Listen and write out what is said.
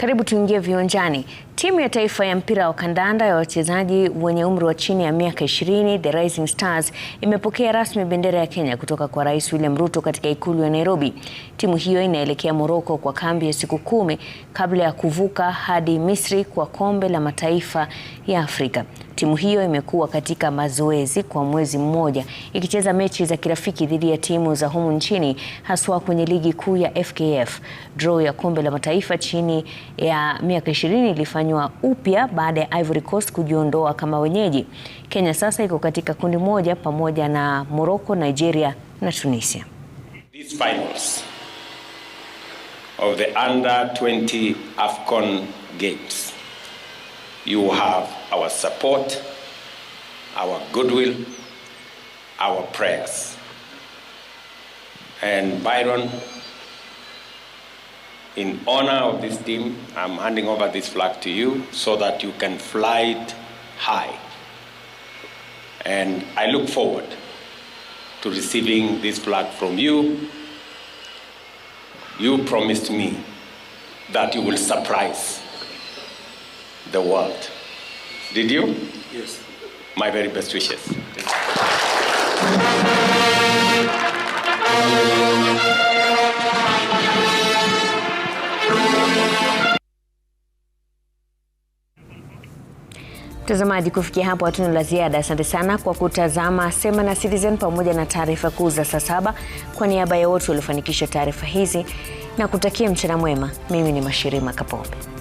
Karibu tuingie viwanjani. Timu ya taifa ya mpira wa kandanda ya wachezaji wenye umri wa chini ya miaka 20 The Rising Stars imepokea rasmi bendera ya Kenya kutoka kwa Rais William Ruto katika ikulu ya Nairobi. Timu hiyo inaelekea Morocco kwa kambi ya siku kumi kabla ya kuvuka hadi Misri kwa kombe la mataifa ya Afrika. Timu hiyo imekuwa katika mazoezi kwa mwezi mmoja ikicheza mechi za kirafiki dhidi ya timu za humu nchini haswa kwenye ligi kuu ya FKF. Draw ya kombe la mataifa chini ya miaka 20 ilifanywa upya baada ya Ivory Coast kujiondoa kama wenyeji. Kenya sasa iko katika kundi moja pamoja na Morocco, Nigeria na Tunisia. These finals of the under 20 AFCON games You have our support, our goodwill, our prayers. And Byron, in honor of this team, I'm handing over this flag to you so that you can fly it high. And I look forward to receiving this flag from you. You promised me that you will surprise the world. Did you? Yes. My very best wishes. Mtazamaji, kufikia hapo hatuna la ziada. Asante sana kwa kutazama Sema na Citizen pamoja na taarifa kuu za saa saba. Kwa niaba ya wote waliofanikisha taarifa hizi na kutakia mchana mwema, mimi ni Mashirima Kapombe.